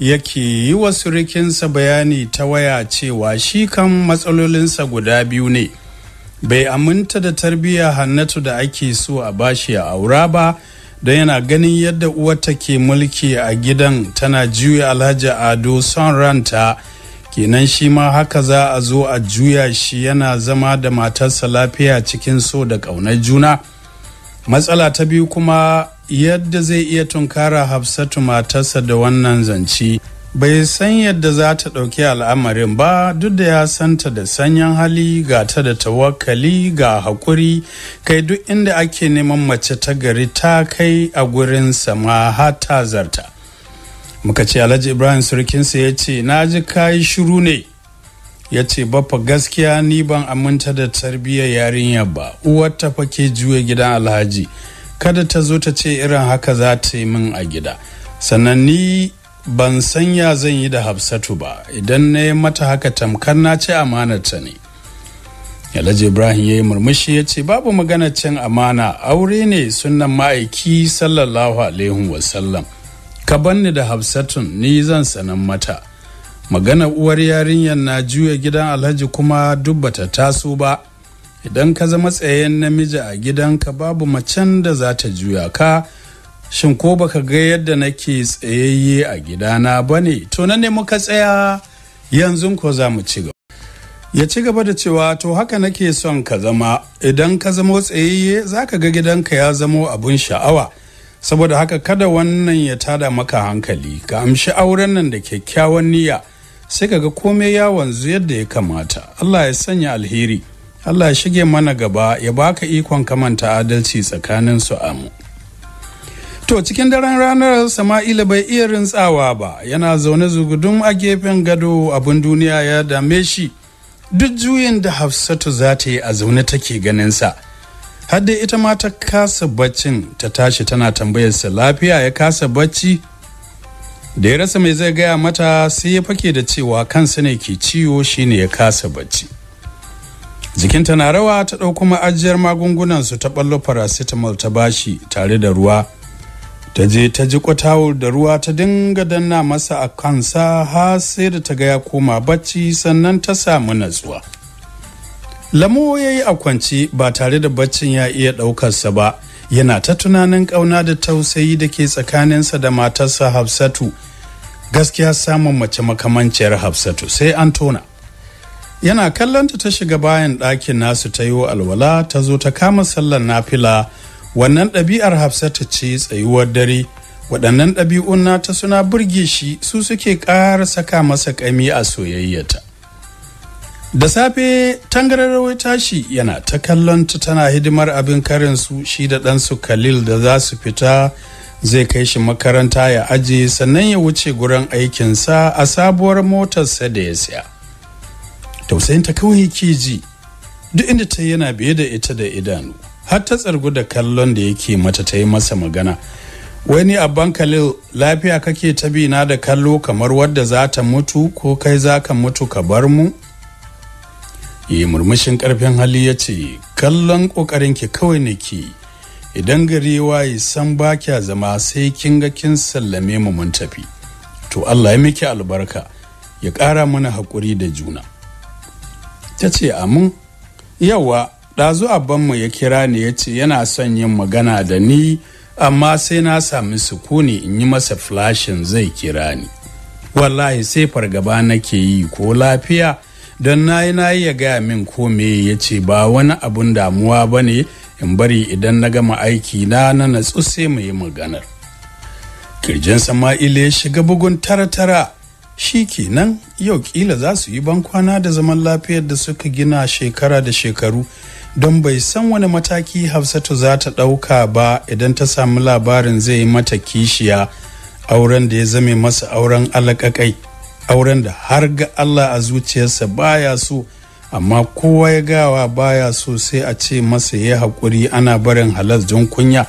yake yi wa surikinsa bayani ta waya cewa shi kan matsalolinsa guda biyu ne bai aminta da tarbiyya hannatu da ake so a bashi a aura ba don yana ganin yadda uwarta ke mulki a gidan tana juya alhaji ado son ranta kenan shi ma haka za a zo a juya shi yana zama da matarsa lafiya cikin so da ƙaunar juna matsala ta biyu kuma yadda zai iya tunkara hafsatu matarsa da wannan zanci bai san yadda za ta ɗauki al'amarin ba duk da ya santa da sanyan hali ga ta da tawakkali ga haƙuri kai duk inda ake neman mace ta gari ta kai a gurin sama hata zarta muka ce alhaji ibrahim surkinsa ya ce na ji kayi shiru ne ya ce bafa gaskiya ni ban aminta da tarbiyyar yarinyar ba uwar ta fake juya gidan alhaji kada ta zo ta ce irin haka za ta yi min a gida sannan ni ban san ya zan yi da hafsatu ba idan na yi mata haka tamkar na ce amanarta ne yalaji ibrahim ya yi murmushi ya ce babu magana cin amana aure ne sunan ma'aiki sallallahu alaihi wasallam ka banni da hafsatun ni zan sanan mata magana uwar yarinyar na juya gidan alhaji kuma dubbata taso ba idan ka zama tsayen namiji a gidanka babu macen da za ta juya ka shin ko baka ga yadda nake tsayayye a gidana ba ne to nan ne muka tsaya yanzu ko za mu ci gaba ya ci gaba da cewa to haka nake son ka zama idan ka zamo tsayayye za ka ga gidanka ya zamo abun sha'awa saboda haka kada wannan ya tada maka hankali ka amshi auren nan da kyakkyawan niyya sai ka ga komai ya wanzu yadda ya kamata allah ya sanya alheri Allah shige mana gaba ya baka ikon kamanta adalci tsakanin su amu. To cikin daren ranar Sama'ila bai iya rintsawa ba yana zaune zugudun a gefen gado abin duniya ya dame shi duk juyin da Hafsatu za ta yi a zaune take ganinsa. Har da ita ma ta kasa baccin ta tashi tana tambayar sa lafiya ya kasa bacci da ya rasa mai zai gaya mata sai ya fake da cewa kansa ne ke ciwo shine ya kasa bacci. jikinta na rawa ta ɗauko ma'ajiyar magungunan su ta ɓallo paracetamol ta bashi tare da ruwa ta je ta ji kwatawar da ruwa ta dinga danna masa a kansa har sai da ta ga ya koma bacci sannan ta samu natsuwa lamo ya yi a kwanci ba tare da baccin ya iya ɗaukarsa ba yana ta tunanin ƙauna da tausayi da ke tsakaninsa da matarsa hafsatu gaskiya samun mace makamanciyar hafsatu sai an tona yana kallonta ta shiga bayan ɗakin nasu ta yi alwala ta zo ta kama sallar nafila wannan ɗabi'ar hafsata ce tsayuwar dare waɗannan ɗabi'un ta suna burge shi su suke ƙara saka masa ƙami a soyayyata da safe tangararrawai tashi yana ta kallonta tana hidimar abin karin su shi da ɗansu khalil da za su fita zai kai shi makaranta ya aje sannan ya wuce gurin aikinsa a sabuwar motarsa da ya siya ta kawai ke ji duk inda ta yana biye da ita da idanu har ta tsargu da kallon da yake mata ta yi masa magana wani abban khalil lafiya kake ta bina da kallo kamar wadda za ta mutu ko kai za ka mutu ka bar mu yi murmushin karfin hali ya ce kallon kokarin ki kawai nake idan gari waye san ba kya zama sai kin ga kin sallame mu mun tafi to allah ya miki albarka ya ƙara mana haƙuri da juna ta ce amin yawa ɗazu abanmu ya kira ni ya ce yana son yin magana da ni amma sai na sami sukuni in yi masa flashin zai kira ni wallahi sai fargaba nake yi ko lafiya don nayi nayi ya gaya min ko me ya ce ba wani abun damuwa ba ne in bari idan na gama aiki na na natsu sai mu yi maganar kirjin sama'ila ya shiga bugun tara-tara shi kenan yau kila za su yi bankwana da zaman lafiyar da suka gina shekara da shekaru don bai san wani mataki hafsatu za ta ɗauka ba idan ta samu labarin zai yi mata kishiya auren da ya zame masa auren alaƙaƙai auren da har ga allah a zuciyarsa baya so amma kowa ya gawa baya so sai a ce masa ya haƙuri ana barin halas don kunya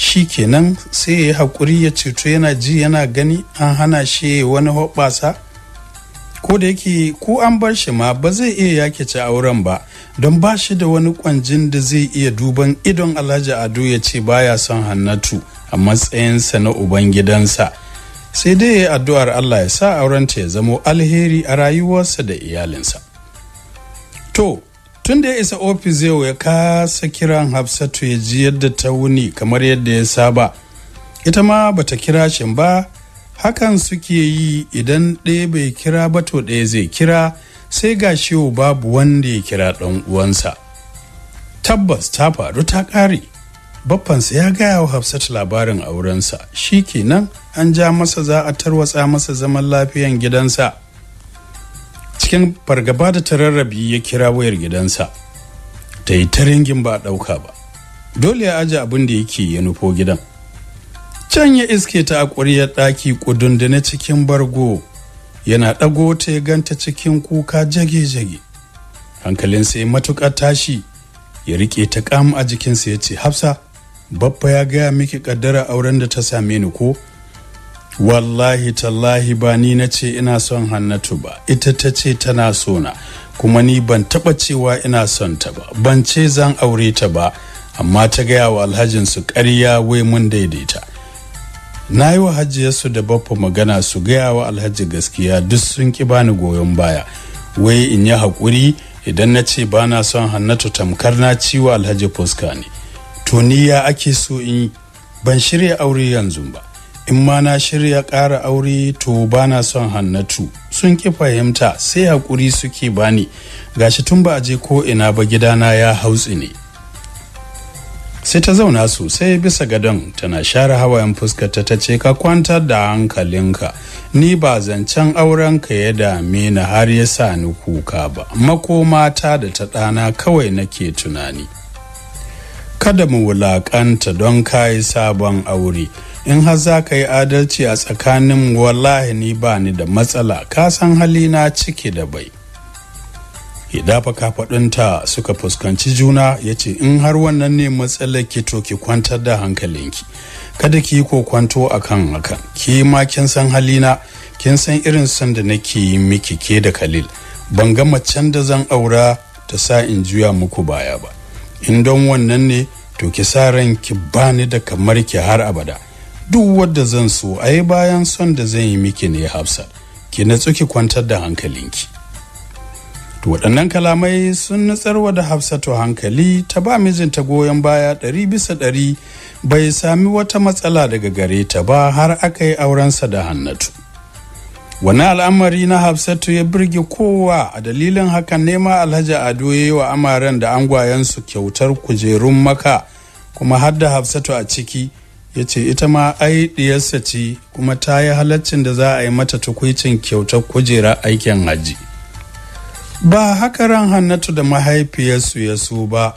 shi kenan sai ya yi haƙuri ya ceto yana ji yana gani an hana shi wani hoɓasa ko da yake ko an bar shi ma ba zai iya yake ci auren ba don ba shi da wani kwanjin da zai iya duban idon alhaji ado ya ce baya son hannatu a matsayinsa na ubangidansa. sai dai ya addu'ar allah ya sa aurenta ya zamo alheri a rayuwarsa da iyalinsa to tun da ya isa ofis yau ya kasa kiran hafsatu ya ji yadda ta wuni kamar yadda ya saba ita ma bata kira shin ba hakan suke yi idan ɗaya bai kira ba to ɗaya zai kira sai ga yau babu wanda ya kira ɗan uwansa tabbas ta faru ta ƙare baffansa ya gaya wa hafsatu labarin aurensa shi kenan an ja masa za a tarwatsa masa zaman lafiyan gidansa cikin fargaba da tararrabi ya kira wayar gidansa ta yi ta ringin ba ɗauka ba dole ya aje abin da yake ya nufo gidan can ya iske ta a ƙuryar ɗaki da na cikin bargo yana ɗago ta ya ganta cikin kuka jage-jage hankalin sai matuƙa tashi ya riƙe ta ƙam a jikinsa ya ce hafsa babba ya gaya miki ƙaddara auren da ta same ni ko wallahi tallahi ba ni na ce ina son hannatu ba ita ta ce tana sona kuma ni ban taba cewa ina son ta ba ban ce zan aure ta ba amma ta gaya wa alhajin su karya wai mun daidaita na yi wa hajjiyarsu da baffa magana su gaya wa alhaji gaskiya duk sun ki bani goyon baya wai in yi haƙuri idan na ce ba son hannatu tamkar na ciwo alhaji fuska ne to ni ya ake so in ban shirya aure yanzu ba in ma na shirya ƙara aure to ba na son hannatu sun ƙi fahimta sai haƙuri suke bani gashi tun ba a je ko ina ba gidana ya hautsi ne sai ta zauna sosai bisa gadon tana share hawayen fuskarta ta ce ka kwantar da hankalinka ni ba zancen aurenka ya dame na har ya sa ni kuka ba mako mata da ta ɗana kawai nake tunani kada mu wulaƙanta don kayi sabon aure in har za ka yi adalci a tsakanin wallahi ni ba ni da matsala ka san halina ciki da bai ya dafa kafaɗinta suka fuskanci juna ya ce in har wannan ne matsalar ki to ki kwantar da hankalinki kada ki yi kokwanto a kan hakan ki ma kin san halina kin san irin son da nake yi miki ke da kalil ban gama macen da zan aura ta sa in juya muku baya ba in don wannan ne to ki sa ranki bani da kamar ki har abada duk wadda zan so a yi bayan son da zan yi miki ne hafsa ki na ki kwantar da hankalinki to waɗannan kalamai sun nutsarwa da hafsatu hankali ta ba mijinta goyon baya ɗari bisa ɗari bai sami wata matsala daga gare ta ba har aka yi aurensa da hannatu wani al'amari na hafsatu ya birge kowa a dalilin hakan nema alhaji ado ya yi wa amaren da angwayensu kyautar kujerun maka kuma har da hafsatu a ciki ya ce ita ma ai diyarsa ce kuma ta yi halaccin da za a yi mata tukwicin kyautar kujera aikin haji ba haka ran hannatu da mahaifiyarsu ya so ba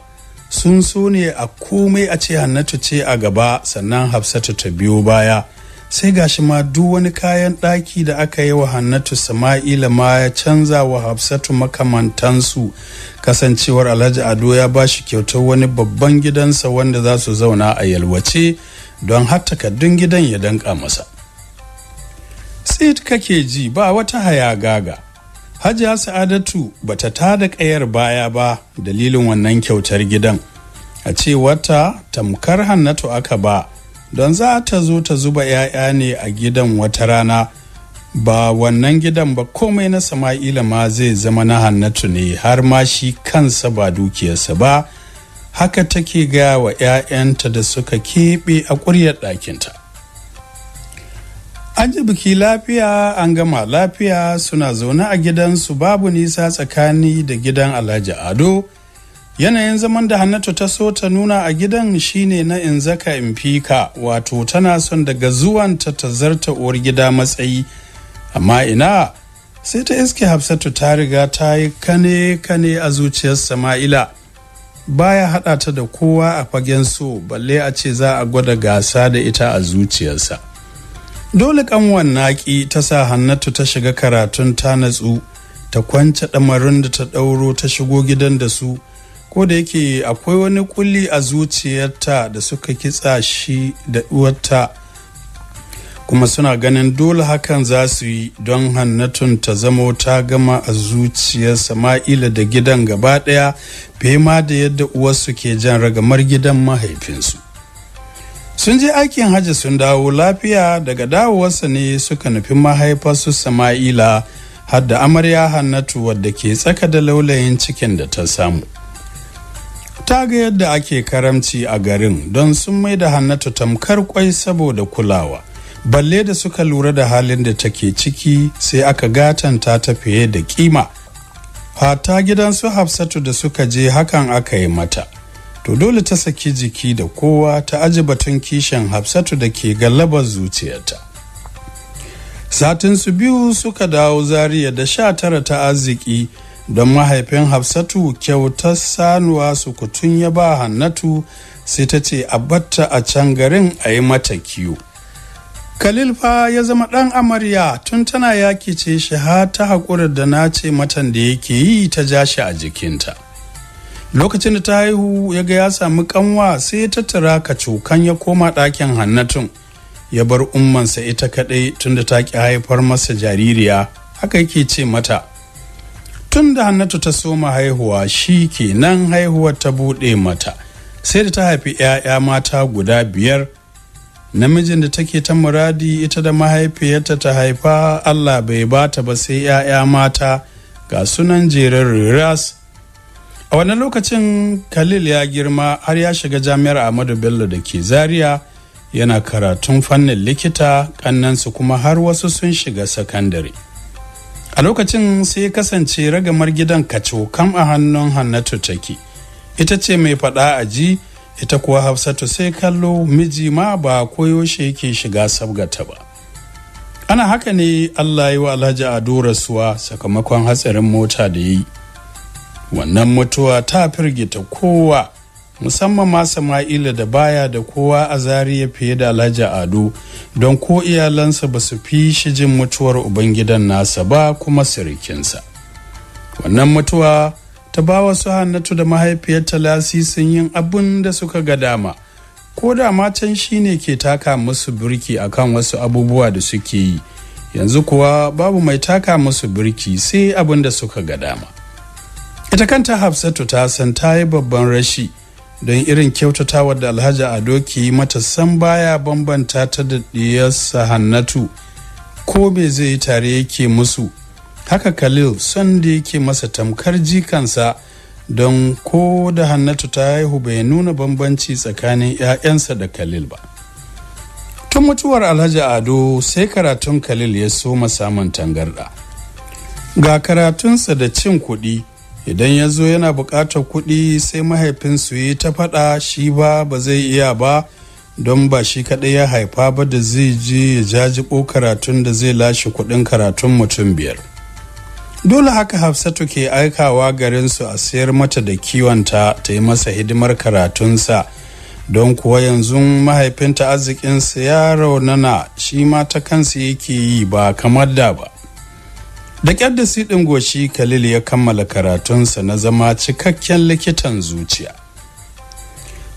sun so ne a komai a ce hannatu ce a gaba sannan hafsatu ta biyo baya sai gashi ma duk wani kayan ɗaki da aka yi wa hannatu sama'ila ma ya canza wa hafsatu makamantansu kasancewar alhaji ado ya ba shi kyautar wani babban gidansa wanda za su zauna a yalwace don har takaddun gidan ya danka masa tsit kake ji ba wata gaga hajiya sa'adatu ba ta tada kayar baya ba dalilin wannan kyautar gidan a ce wata tamkar hannatu aka ba don za ta zo ta zuba 'ya'ya ne a gidan wata rana ba wannan gidan ba komai na sama'ila ma zai zama na hannatu ne har ma shi kansa ba dukiyarsa ba haka take gaya wa 'ya'yanta da suka keɓe a ƙuryar ɗakinta an ji biki lafiya an gama lafiya suna zaune a gidansu babu nisa tsakani da gidan alhaji ado yanayin zaman da hannatu ta so ta nuna a gidan shine na in zaka in fika wato tana son daga zuwan ta ta zarta uwar gida matsayi amma ina sai ta iske hafsatu ta riga ta yi kane kane a zuciyar sama'ila baya haɗa ta da kowa a fagen so balle a ce za a gwada gasa da ita a zuciyarsa dole kanwan naƙi ta sa hannatu ta shiga karatun ta natsu ta kwance ɗamarin da ta ɗauro ta shigo gidan da su ko da yake akwai wani kulli a zuciyarta da suka kitsa shi da uwarta kuma suna ganin dole hakan za su yi don hannatun ta zamo ta gama a zuciyar sama'ila da gidan gaba ɗaya fiye ma da yadda uwarsu ke jan ragamar gidan mahaifinsu sun je aikin hajji sun dawo lafiya daga dawowarsa ne suka nufi mahaifarsu sama'ila har da amarya hannatu wadda ke tsaka da laulayin cikin da ta samu ta ga yadda ake karamci a garin don sun mai da hannatu tamkar kwai saboda kulawa balle da suka lura da halin da take ciki sai aka gatanta ta fiye da kima hata gidan su hafsatu da suka je hakan aka yi mata to dole ta saki jiki da kowa ta aji batun kishin hafsatu da ke galabar zuciyarta satin su biyu suka dawo zaria da sha tara ta arziki don mahaifin hafsatu kyautar sanuwa sukutun ya ba hannatu sai ta ce a a can garin a yi mata kiyo khalil ya zama ɗan amarya tun tana yaki ce shi ha ta haƙura da na ce matan da yake yi ta ja shi a jikinta lokacin da ta haihu ya ga ya sami kanwa sai ya ka cukan ya koma ɗakin hannatun ya bar ummansa ita kaɗai tun da ta ƙi haifar masa jaririya haka yake ce mata tun da hannatu ta soma haihuwa shi ke nan haihuwar ta buɗe mata sai da ta haifi 'ya'ya mata guda biyar namijin da take ta muradi ita da mahaifiyarta ta haifa allah bai bata ba sai 'ya'ya mata ga sunan jerin riras. a wannan lokacin khalil ya girma har ya shiga jami'ar ahmadu bello da ke zaria yana karatun fannin likita kannansu kuma har wasu sun shiga sakandare. a lokacin sai kasance ragamar gidan kam a hannun hannatu take ita ce mai faɗa a ji ita kuwa hafsatu sai kallo miji ma ba koyo shi yake shiga sabgata ba ana haka ne allah yi wa alhaji ado rasuwa sakamakon hatsarin mota da yi wannan mutuwa ta firgita kowa musamman ma sama'ila da baya da kowa a zariya fiye da alhaji ado don ko iyalansa ba su fi shi jin mutuwar ubangidan nasa ba kuma sirikinsa wannan mutuwa ta ba wasu hannatu da mahaifiyarta lasisin yin abin da suka ga dama ko da matan shi ne ke taka musu birki akan wasu abubuwa da suke yi yanzu kuwa babu mai taka musu birki sai abin da suka ga dama ita kanta hafsatu ta san ta yi babban rashi don irin kyautatawar da alhaji ado ke yi mata san baya bambanta ta da diyarsa hannatu ko me zai yi tare yake musu haka khalil son da yake masa tamkar jikansa don ko da hannatu ta haihu bai nuna bambanci tsakanin 'ya'yansa da khalil ba tun mutuwar alhaji ado sai karatun khalil ya soma samun tangarɗa. ga karatunsa da cin kuɗi idan ya zo yana bukatar kuɗi sai mahaifinsu yi ta faɗa shi ba ba zai iya ba don ba shi kaɗai ya haifa ba da zai je ya jajibo karatun da zai lashe kuɗin karatun mutum biyar dole haka hafsatu ke aikawa garinsu a sayar mata da kiwonta ta yi masa hidimar karatunsa don kuwa yanzu mahaifinta arzikinsa ya raunana shi ma ta kansa yake yi ba kamar da ba da kyar da siɗin goshi khalil ya kammala karatunsa na zama cikakken likitan zuciya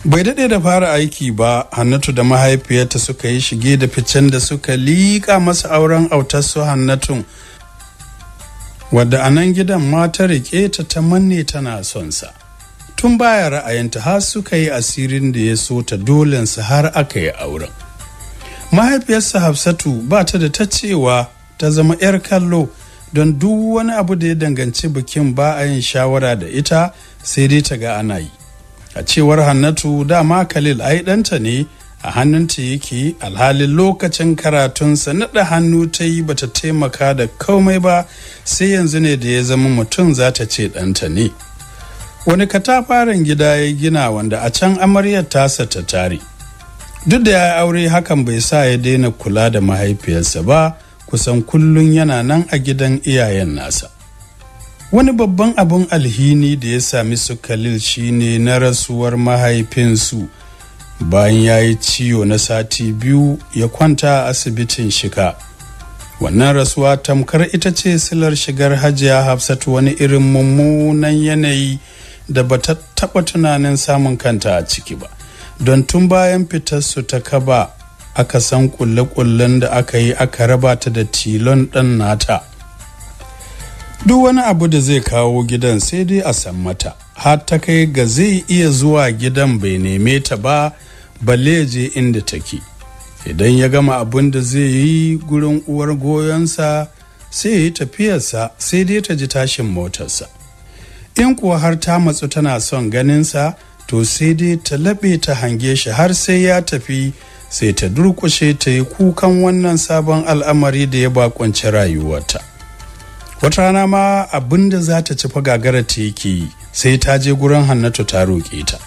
bai daɗe da fara aiki ba hannatu da mahaifiyarta suka yi shige da ficen da suka liƙa masa auren autarsu Hannatu. wadda anan gidan mata riƙe ta ta manne tana son sa tun baya ra'ayinta har suka yi asirin da ya so ta dolensa har aka yi auren mahaifiyarsa hafsatu ba ta da ta cewa ta zama 'yar kallo don duk wani abu da ya danganci bikin ba a yin shawara da ita sai dai ta ga ana yi a cewar hannatu dama khalil ai ɗanta ne a hannun ta yake alhalin lokacin karatunsa naɗa hannu ta yi ba ta taimaka da komai ba sai yanzu ne da ya zama mutum za ta ce ɗanta ne wani katafaren gida ya gina wanda a can amaryar tasa ta tare duk da ya aure hakan bai sa ya daina kula da mahaifiyarsa ba kusan kullum yana nan a gidan iyayen nasa wani babban abun alhini da ya sami su khalil shine na rasuwar mahaifinsu bayan ya yi ciwo na sati biyu ya kwanta a asibitin shika wannan rasuwa tamkar ita ce silar shigar hajiya hafsatu wani irin mummunan yanayi da ba ta taɓa tunanin samun kanta a ciki ba don tun bayan fitarsu ta kaba aka san kulle-kullen da aka yi aka raba ta da tilon ɗan nata duk wani abu da zai kawo gidan sai dai a san mata har ta kai ga zai iya zuwa gidan bai neme ta ba balle je inda take idan ya gama abin da zai yi gurin uwar goyonsa sai ya yi tafiyarsa sai dai ta ji tashin motarsa in kuwa har ta matsu tana son ganinsa to sai dai ta laɓe ta hange shi har sai ya tafi sai ta durkushe ta yi kukan wannan sabon al'amari da ya bakwance rayuwarta wata rana ma abin da za ta ci gagara ta yake yi sai ta je gurin hannatu ta roƙe ta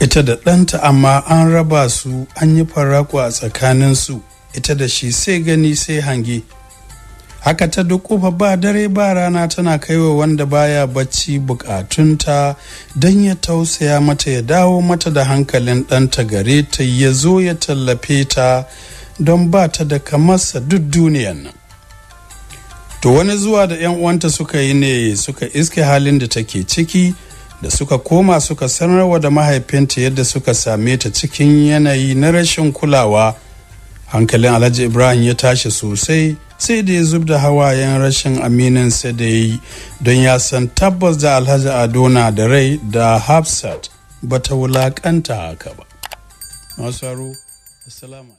ita da ɗanta amma an raba su an yi faraku a tsakaninsu ita da shi sai gani sai hange haka ta duk kofa ba dare ba rana tana kaiwa wanda baya bacci bukatunta don ya tausaya mata ya dawo mata da hankalin ɗanta gare ta ya zo ya tallafe ta don ba ta da kamarsa duk duniyan nan to wani zuwa da 'yan uwanta suka yi ne suka iske halin da take ciki da suka koma suka sanarwa da mahaifinta yadda suka same ta cikin yanayi na rashin kulawa hankalin alhaji ibrahim ya tashi sosai sai da ya zub da hawayen rashin aminin sa da ya yi don ya san tabbas da alhaji adona da rai da hafsat ba ta wulakanta haka ba